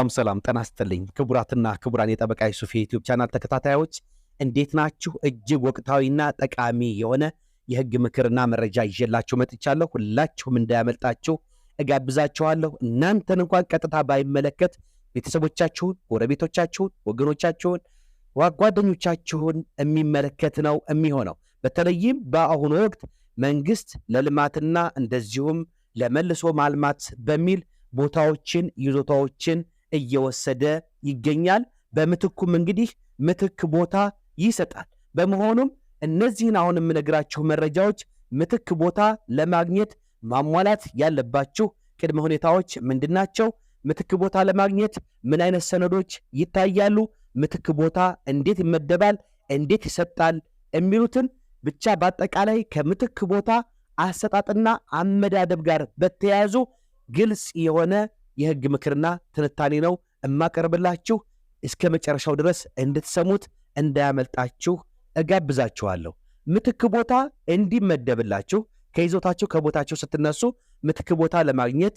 ሰላም ሰላም፣ ጤና ይስጥልኝ ክቡራትና ክቡራን የጠበቃ ዩሱፍ የዩቲዩብ ቻናል ተከታታዮች እንዴት ናችሁ? እጅግ ወቅታዊና ጠቃሚ የሆነ የህግ ምክርና መረጃ ይዤላችሁ መጥቻለሁ። ሁላችሁም እንዳያመልጣችሁ እጋብዛችኋለሁ። እናንተን እንኳን ቀጥታ ባይመለከት ቤተሰቦቻችሁን፣ ጎረቤቶቻችሁን፣ ወገኖቻችሁን፣ ጓደኞቻችሁን የሚመለከት ነው የሚሆነው። በተለይም በአሁኑ ወቅት መንግስት ለልማትና እንደዚሁም ለመልሶ ማልማት በሚል ቦታዎችን፣ ይዞታዎችን እየወሰደ ይገኛል። በምትኩም እንግዲህ ምትክ ቦታ ይሰጣል። በመሆኑም እነዚህን አሁን የምነግራችሁ መረጃዎች ምትክ ቦታ ለማግኘት ማሟላት ያለባችሁ ቅድመ ሁኔታዎች ምንድናቸው? ምትክ ቦታ ለማግኘት ምን አይነት ሰነዶች ይታያሉ? ምትክ ቦታ እንዴት ይመደባል? እንዴት ይሰጣል? የሚሉትን ብቻ በአጠቃላይ ከምትክ ቦታ አሰጣጥና አመዳደብ ጋር በተያያዙ ግልጽ የሆነ የህግ ምክርና ትንታኔ ነው እማቀርብላችሁ። እስከ መጨረሻው ድረስ እንድትሰሙት እንዳያመልጣችሁ እጋብዛችኋለሁ። ምትክ ቦታ እንዲመደብላችሁ ከይዞታችሁ ከቦታችሁ ስትነሱ ምትክ ቦታ ለማግኘት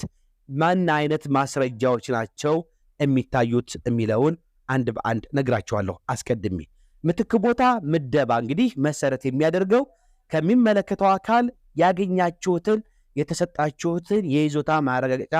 ማን አይነት ማስረጃዎች ናቸው የሚታዩት የሚለውን አንድ በአንድ ነግራችኋለሁ። አስቀድሜ ምትክ ቦታ ምደባ እንግዲህ መሰረት የሚያደርገው ከሚመለከተው አካል ያገኛችሁትን የተሰጣችሁትን የይዞታ ማረጋገጫ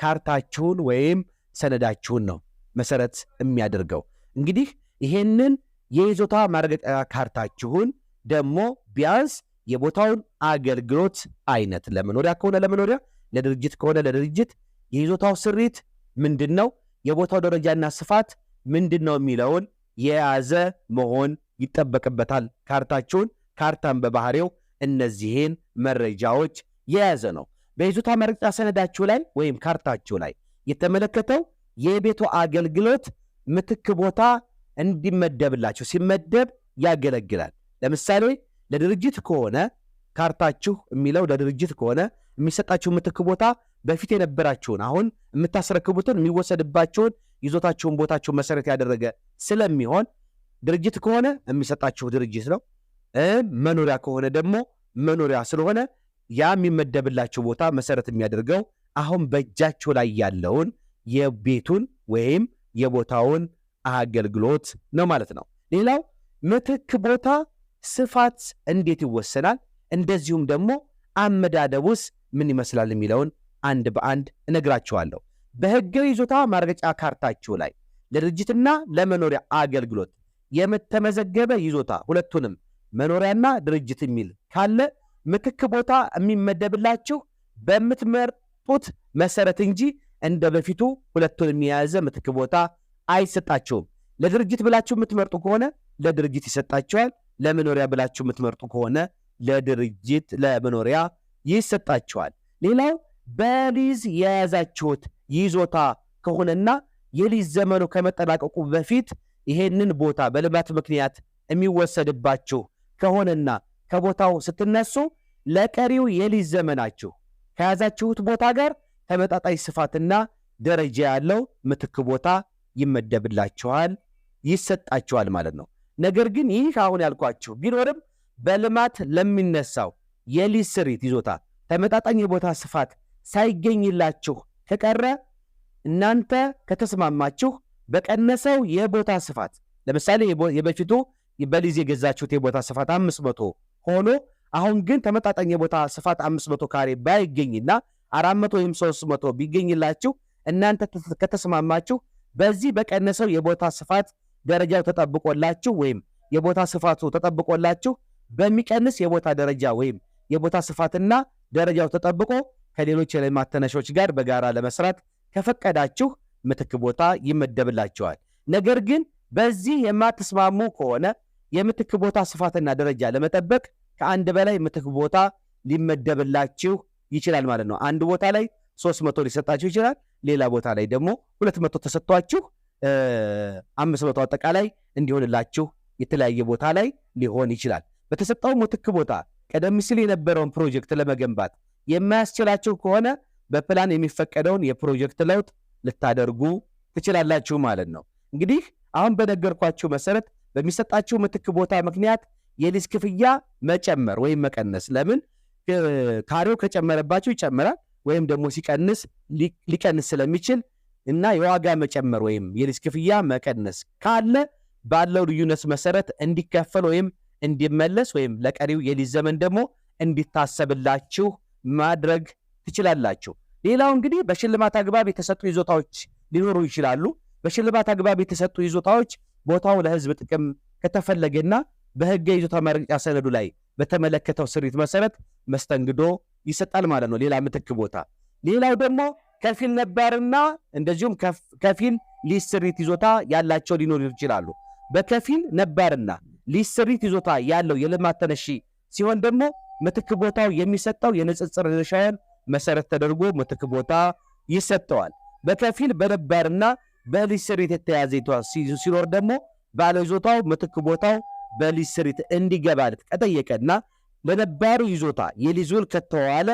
ካርታችሁን ወይም ሰነዳችሁን ነው መሰረት የሚያደርገው። እንግዲህ ይሄንን የይዞታ ማረጋገጫ ካርታችሁን ደግሞ ቢያንስ የቦታውን አገልግሎት አይነት ለመኖሪያ ከሆነ ለመኖሪያ፣ ለድርጅት ከሆነ ለድርጅት፣ የይዞታው ስሪት ምንድን ነው፣ የቦታው ደረጃና ስፋት ምንድን ነው የሚለውን የያዘ መሆን ይጠበቅበታል። ካርታችሁን ካርታን በባህሪው እነዚህን መረጃዎች የያዘ ነው። በይዞታ መረጃ ሰነዳችሁ ላይ ወይም ካርታችሁ ላይ የተመለከተው የቤቱ አገልግሎት ምትክ ቦታ እንዲመደብላችሁ ሲመደብ ያገለግላል። ለምሳሌ ለድርጅት ከሆነ ካርታችሁ የሚለው ለድርጅት ከሆነ የሚሰጣችሁ ምትክ ቦታ በፊት የነበራችሁን አሁን የምታስረክቡትን የሚወሰድባችሁን ይዞታችሁን ቦታችሁን መሰረት ያደረገ ስለሚሆን ድርጅት ከሆነ የሚሰጣችሁ ድርጅት ነው። መኖሪያ ከሆነ ደግሞ መኖሪያ ስለሆነ ያ የሚመደብላቸው ቦታ መሰረት የሚያደርገው አሁን በእጃቸው ላይ ያለውን የቤቱን ወይም የቦታውን አገልግሎት ነው ማለት ነው። ሌላው ምትክ ቦታ ስፋት እንዴት ይወሰናል፣ እንደዚሁም ደግሞ አመዳደቡስ ምን ይመስላል የሚለውን አንድ በአንድ እነግራችኋለሁ። በሕጋዊ ይዞታ ማረጋገጫ ካርታችሁ ላይ ለድርጅትና ለመኖሪያ አገልግሎት የምተመዘገበ ይዞታ ሁለቱንም መኖሪያና ድርጅት የሚል ካለ ምትክ ቦታ የሚመደብላችሁ በምትመርጡት መሰረት እንጂ እንደ በፊቱ ሁለቱንም የያዘ ምትክ ቦታ አይሰጣችሁም። ለድርጅት ብላችሁ የምትመርጡ ከሆነ ለድርጅት ይሰጣችኋል። ለመኖሪያ ብላችሁ የምትመርጡ ከሆነ ለድርጅት ለመኖሪያ ይሰጣችኋል። ሌላው በሊዝ የያዛችሁት ይዞታ ከሆነና የሊዝ ዘመኑ ከመጠናቀቁ በፊት ይሄንን ቦታ በልማት ምክንያት የሚወሰድባችሁ ከሆነና ከቦታው ስትነሱ ለቀሪው የሊዝ ዘመናችሁ ከያዛችሁት ቦታ ጋር ተመጣጣኝ ስፋትና ደረጃ ያለው ምትክ ቦታ ይመደብላችኋል፣ ይሰጣችኋል ማለት ነው። ነገር ግን ይህ አሁን ያልኳችሁ ቢኖርም በልማት ለሚነሳው የሊዝ ስሪት ይዞታ ተመጣጣኝ የቦታ ስፋት ሳይገኝላችሁ ከቀረ እናንተ ከተስማማችሁ በቀነሰው የቦታ ስፋት ለምሳሌ የበፊቱ በሊዝ የገዛችሁት የቦታ ስፋት አምስት መቶ ሆኖ አሁን ግን ተመጣጣኝ የቦታ ስፋት አምስት መቶ ካሬ ባይገኝና አራት መቶ ወይም ሶስት መቶ ቢገኝላችሁ እናንተ ከተስማማችሁ በዚህ በቀነሰው የቦታ ስፋት ደረጃው ተጠብቆላችሁ ወይም የቦታ ስፋቱ ተጠብቆላችሁ በሚቀንስ የቦታ ደረጃ ወይም የቦታ ስፋትና ደረጃው ተጠብቆ ከሌሎች የልማት ተነሾች ጋር በጋራ ለመስራት ከፈቀዳችሁ ምትክ ቦታ ይመደብላችኋል። ነገር ግን በዚህ የማትስማሙ ከሆነ የምትክ ቦታ ስፋትና ደረጃ ለመጠበቅ ከአንድ በላይ ምትክ ቦታ ሊመደብላችሁ ይችላል ማለት ነው። አንድ ቦታ ላይ ሶስት መቶ ሊሰጣችሁ ይችላል። ሌላ ቦታ ላይ ደግሞ ሁለት መቶ ተሰጥቷችሁ አምስት መቶ አጠቃላይ እንዲሆንላችሁ የተለያየ ቦታ ላይ ሊሆን ይችላል። በተሰጠው ምትክ ቦታ ቀደም ሲል የነበረውን ፕሮጀክት ለመገንባት የማያስችላችሁ ከሆነ በፕላን የሚፈቀደውን የፕሮጀክት ለውጥ ልታደርጉ ትችላላችሁ ማለት ነው። እንግዲህ አሁን በነገርኳችሁ መሰረት በሚሰጣቸው ምትክ ቦታ ምክንያት የሊዝ ክፍያ መጨመር ወይም መቀነስ፣ ለምን ካሬው ከጨመረባቸው ይጨምራል ወይም ደግሞ ሲቀንስ ሊቀንስ ስለሚችል እና የዋጋ መጨመር ወይም የሊዝ ክፍያ መቀነስ ካለ ባለው ልዩነት መሰረት እንዲከፈል ወይም እንዲመለስ ወይም ለቀሪው የሊዝ ዘመን ደግሞ እንዲታሰብላችሁ ማድረግ ትችላላችሁ። ሌላው እንግዲህ በሽልማት አግባብ የተሰጡ ይዞታዎች ሊኖሩ ይችላሉ። በሽልማት አግባብ የተሰጡ ይዞታዎች ቦታው ለህዝብ ጥቅም ከተፈለገና በህገ ይዞታ ማረጋገጫ ሰነዱ ላይ በተመለከተው ስሪት መሰረት መስተንግዶ ይሰጣል ማለት ነው። ሌላ ምትክ ቦታ። ሌላው ደግሞ ከፊል ነባርና እንደዚሁም ከፊል ሊዝ ስሪት ይዞታ ያላቸው ሊኖሩ ይችላሉ። በከፊል ነባርና ሊዝ ስሪት ይዞታ ያለው የልማት ተነሺ ሲሆን ደግሞ ምትክ ቦታው የሚሰጠው የንጽጽር ድርሻን መሰረት ተደርጎ ምትክ ቦታ ይሰጠዋል። በከፊል በነባርና በሊዝ ስር የተያዘ ሲኖር ደግሞ ባለይዞታው ምትክ ቦታው በሊዝ ስር እንዲገባለት ከጠየቀና ለነባሩ ይዞታ የሊዝ ውል ከተዋዋለ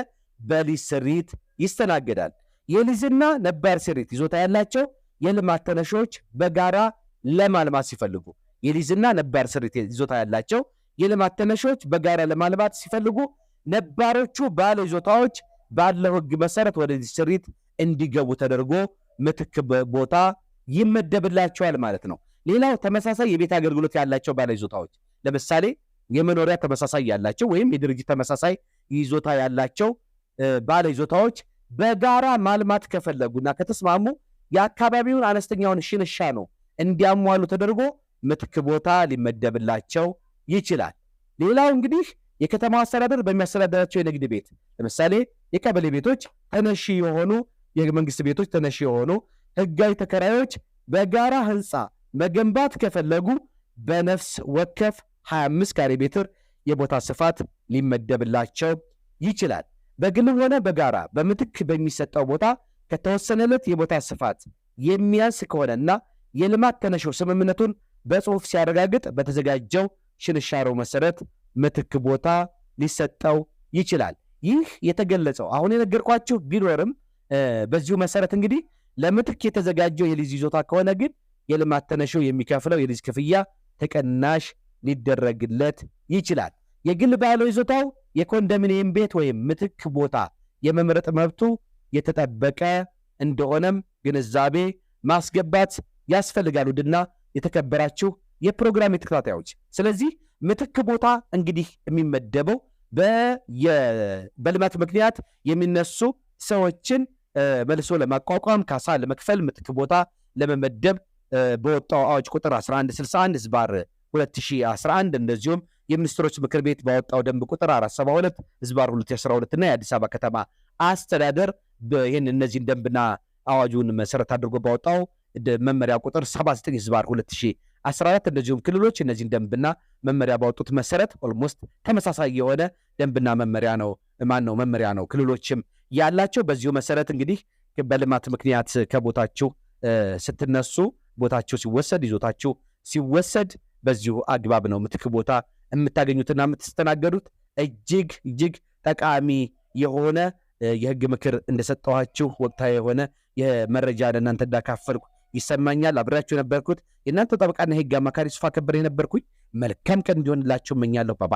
በሊዝ ስሪት ይስተናገዳል። የሊዝና ነባር ስሪት ይዞታ ያላቸው የልማት ተነሻዎች በጋራ ለማልማት ሲፈልጉ የሊዝና ነባር ስሪት ይዞታ ያላቸው የልማት ተነሻዎች በጋራ ለማልማት ሲፈልጉ ነባሮቹ ባለ ይዞታዎች ባለው ሕግ መሰረት ወደ ሊዝ ስሪት እንዲገቡ ተደርጎ ምትክ ቦታ ይመደብላቸዋል ማለት ነው። ሌላው ተመሳሳይ የቤት አገልግሎት ያላቸው ባለይዞታዎች ለምሳሌ የመኖሪያ ተመሳሳይ ያላቸው ወይም የድርጅት ተመሳሳይ ይዞታ ያላቸው ባለይዞታዎች በጋራ ማልማት ከፈለጉና ከተስማሙ የአካባቢውን አነስተኛውን ሽንሻ ነው እንዲያሟሉ ተደርጎ ምትክ ቦታ ሊመደብላቸው ይችላል። ሌላው እንግዲህ የከተማው አስተዳደር በሚያስተዳደራቸው የንግድ ቤት ለምሳሌ የቀበሌ ቤቶች ተነሺ የሆኑ የመንግስት ቤቶች ተነሽ የሆኑ ህጋዊ ተከራዮች በጋራ ህንፃ መገንባት ከፈለጉ በነፍስ ወከፍ 25 ካሬ ሜትር የቦታ ስፋት ሊመደብላቸው ይችላል። በግልም ሆነ በጋራ በምትክ በሚሰጠው ቦታ ከተወሰነለት የቦታ ስፋት የሚያንስ ከሆነና የልማት ተነሾ ስምምነቱን በጽሁፍ ሲያረጋግጥ በተዘጋጀው ሽንሻሮ መሰረት ምትክ ቦታ ሊሰጠው ይችላል። ይህ የተገለጸው አሁን የነገርኳችሁ ቢኖርም በዚሁ መሰረት እንግዲህ ለምትክ የተዘጋጀው የሊዝ ይዞታ ከሆነ ግን የልማት ተነሺው የሚከፍለው የሊዝ ክፍያ ተቀናሽ ሊደረግለት ይችላል። የግል ባለው ይዞታው የኮንዶሚኒየም ቤት ወይም ምትክ ቦታ የመምረጥ መብቱ የተጠበቀ እንደሆነም ግንዛቤ ማስገባት ያስፈልጋል። ውድና የተከበራችሁ የፕሮግራም የተከታታዮች፣ ስለዚህ ምትክ ቦታ እንግዲህ የሚመደበው በልማት ምክንያት የሚነሱ ሰዎችን መልሶ ለማቋቋም ካሳ ለመክፈል ምትክ ቦታ ለመመደብ በወጣው አዋጅ ቁጥር 1161 ዝባር 2011 እንደዚሁም የሚኒስትሮች ምክር ቤት ባወጣው ደንብ ቁጥር 472 ህዝባር 2012 እና የአዲስ አበባ ከተማ አስተዳደር ይህን እነዚህን ደንብና አዋጁን መሰረት አድርጎ ባወጣው መመሪያ ቁጥር 79 ህዝባር 2000 14 እንደዚሁም ክልሎች እነዚህን ደንብና መመሪያ ባወጡት መሰረት ኦልሞስት ተመሳሳይ የሆነ ደንብና መመሪያ ነው ማን ነው መመሪያ ነው ክልሎችም ያላቸው። በዚሁ መሰረት እንግዲህ በልማት ምክንያት ከቦታችሁ ስትነሱ ቦታችሁ ሲወሰድ ይዞታችሁ ሲወሰድ በዚሁ አግባብ ነው ምትክ ቦታ የምታገኙትና የምትስተናገዱት። እጅግ እጅግ ጠቃሚ የሆነ የህግ ምክር እንደሰጠኋችሁ ወቅታዊ የሆነ የመረጃ ለእናንተ እንዳካፈልኩ ይሰማኛል። አብሬያችሁ የነበርኩት የእናንተ ጠበቃና የህግ አማካሪ ዩሱፍ ከበር የነበርኩኝ። መልካም ቀን እንዲሆንላችሁ እመኛለሁ። ባባይ